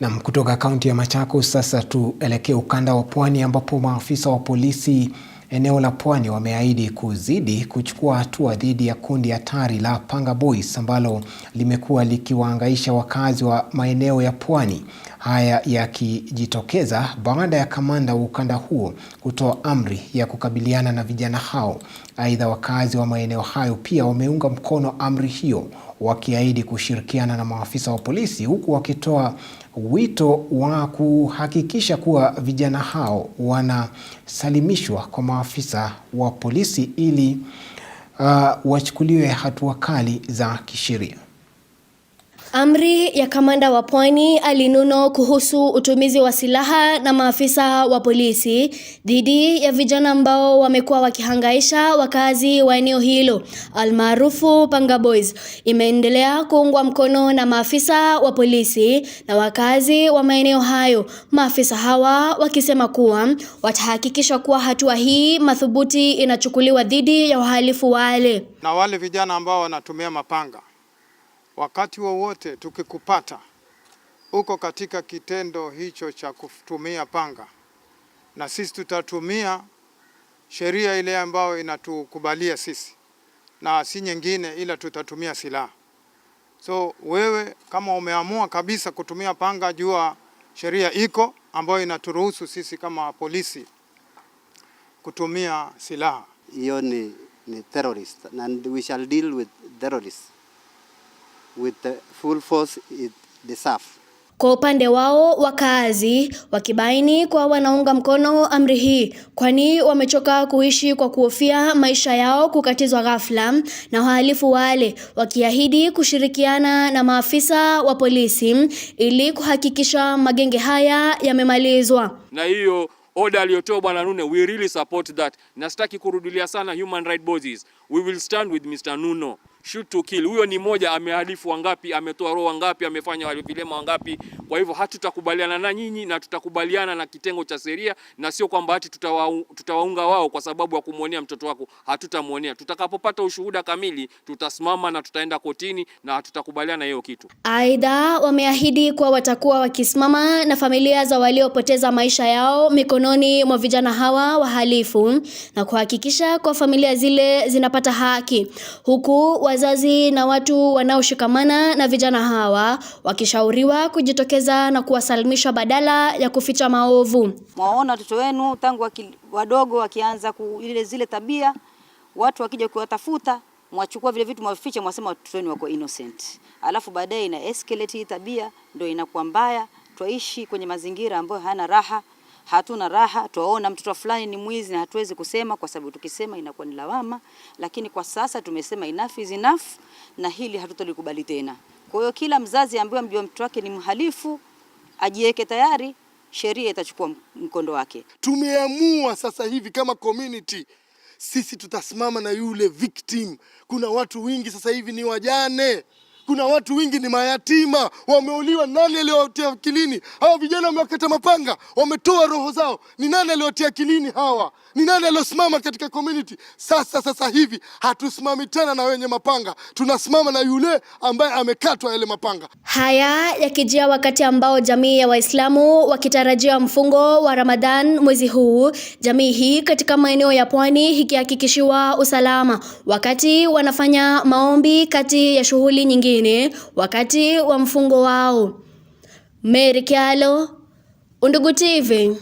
Nam, kutoka kaunti ya Machakos sasa tuelekee ukanda wa Pwani ambapo maafisa wa polisi eneo la Pwani wameahidi kuzidi kuchukua hatua dhidi ya kundi hatari la Panga Boys ambalo limekuwa likiwahangaisha wakazi wa maeneo ya Pwani. Haya yakijitokeza baada ya kamanda wa ukanda huo kutoa amri ya kukabiliana na vijana hao. Aidha, wakazi wa maeneo hayo pia wameunga mkono amri hiyo, wakiahidi kushirikiana na maafisa wa polisi, huku wakitoa wito wa kuhakikisha kuwa vijana hao wanasalimishwa kwa maafisa wa polisi ili uh, wachukuliwe hatua kali za kisheria. Amri ya kamanda wa Pwani Ali Nuno kuhusu utumizi wa silaha na maafisa wa polisi dhidi ya vijana ambao wamekuwa wakihangaisha wakazi wa eneo hilo almaarufu Panga Boys imeendelea kuungwa mkono na maafisa wa polisi na wakazi wa maeneo hayo, maafisa hawa wakisema kuwa watahakikisha kuwa hatua hii madhubuti inachukuliwa dhidi ya wahalifu wale na wale vijana ambao wanatumia mapanga. Wakati wowote wa tukikupata uko katika kitendo hicho cha kutumia panga, na sisi tutatumia sheria ile ambayo inatukubalia sisi na si nyingine, ila tutatumia silaha. So wewe kama umeamua kabisa kutumia panga, jua sheria iko ambayo inaturuhusu sisi kama polisi kutumia silaha. Hiyo ni, ni terrorist and we shall deal with terrorists with the full force it deserve. Kwa upande wao wakaazi wakibaini kwa wanaunga mkono amri hii, kwani wamechoka kuishi kwa kuhofia maisha yao kukatizwa ghafla na wahalifu wale, wakiahidi kushirikiana na maafisa wa polisi ili kuhakikisha magenge haya yamemalizwa. Na hiyo oda aliyotoa Bwana Nuno, we really support that. Nastaki kurudilia sana Human Rights Bodies, we will stand with Mr Nuno shoot kill. Huyo ni moja amehalifu wangapi, ametoa roho wangapi, amefanya vilema wangapi? Kwa hivyo hatutakubaliana na nyinyi na tutakubaliana na kitengo cha sheria, na sio kwamba ati tutawa, tutawaunga wao kwa sababu ya kumwonea mtoto wako. Hatutamwonea. Tutakapopata ushuhuda kamili, tutasimama na tutaenda kotini na hatutakubaliana hiyo kitu. Aidha, wameahidi kuwa watakuwa wakisimama na familia za waliopoteza maisha yao mikononi mwa vijana hawa wahalifu na kuhakikisha kwa familia zile zinapata haki huku wazazi na watu wanaoshikamana na vijana hawa wakishauriwa kujitokeza na kuwasalimisha badala ya kuficha maovu. Mwaona watoto wenu tangu waki, wadogo wakianza ku, ile zile tabia, watu wakija kuwatafuta mwachukua vile vitu mwaficha mwasema watoto wenu wako innocent, alafu baadaye ina escalate hii tabia ndio inakuwa mbaya, twaishi kwenye mazingira ambayo hayana raha hatuna raha, twaona mtoto fulani ni mwizi na hatuwezi kusema, kwa sababu tukisema inakuwa ni lawama. Lakini kwa sasa tumesema enough is enough, na hili hatutolikubali tena. Kwa hiyo kila mzazi ambaye mjua mtoto wake ni mhalifu ajiweke tayari, sheria itachukua mkondo wake. Tumeamua sasa hivi kama community sisi tutasimama na yule victim. Kuna watu wengi sasa hivi ni wajane kuna watu wengi ni mayatima, wameuliwa. Nani aliowatia akilini? Hawa vijana wamewakata mapanga, wametoa roho zao. Ni nani aliowatia akilini hawa? Ni nani aliosimama katika community? Sasa sasa hivi hatusimami tena na wenye mapanga, tunasimama na yule ambaye amekatwa yale mapanga. Haya yakijia wakati ambao jamii ya Waislamu wakitarajia mfungo wa Ramadhan mwezi huu, jamii hii katika maeneo ya pwani ikihakikishiwa usalama wakati wanafanya maombi kati ya shughuli nyingine chini wakati wa mfungo wao. Mary Kyallo, Undugu TV.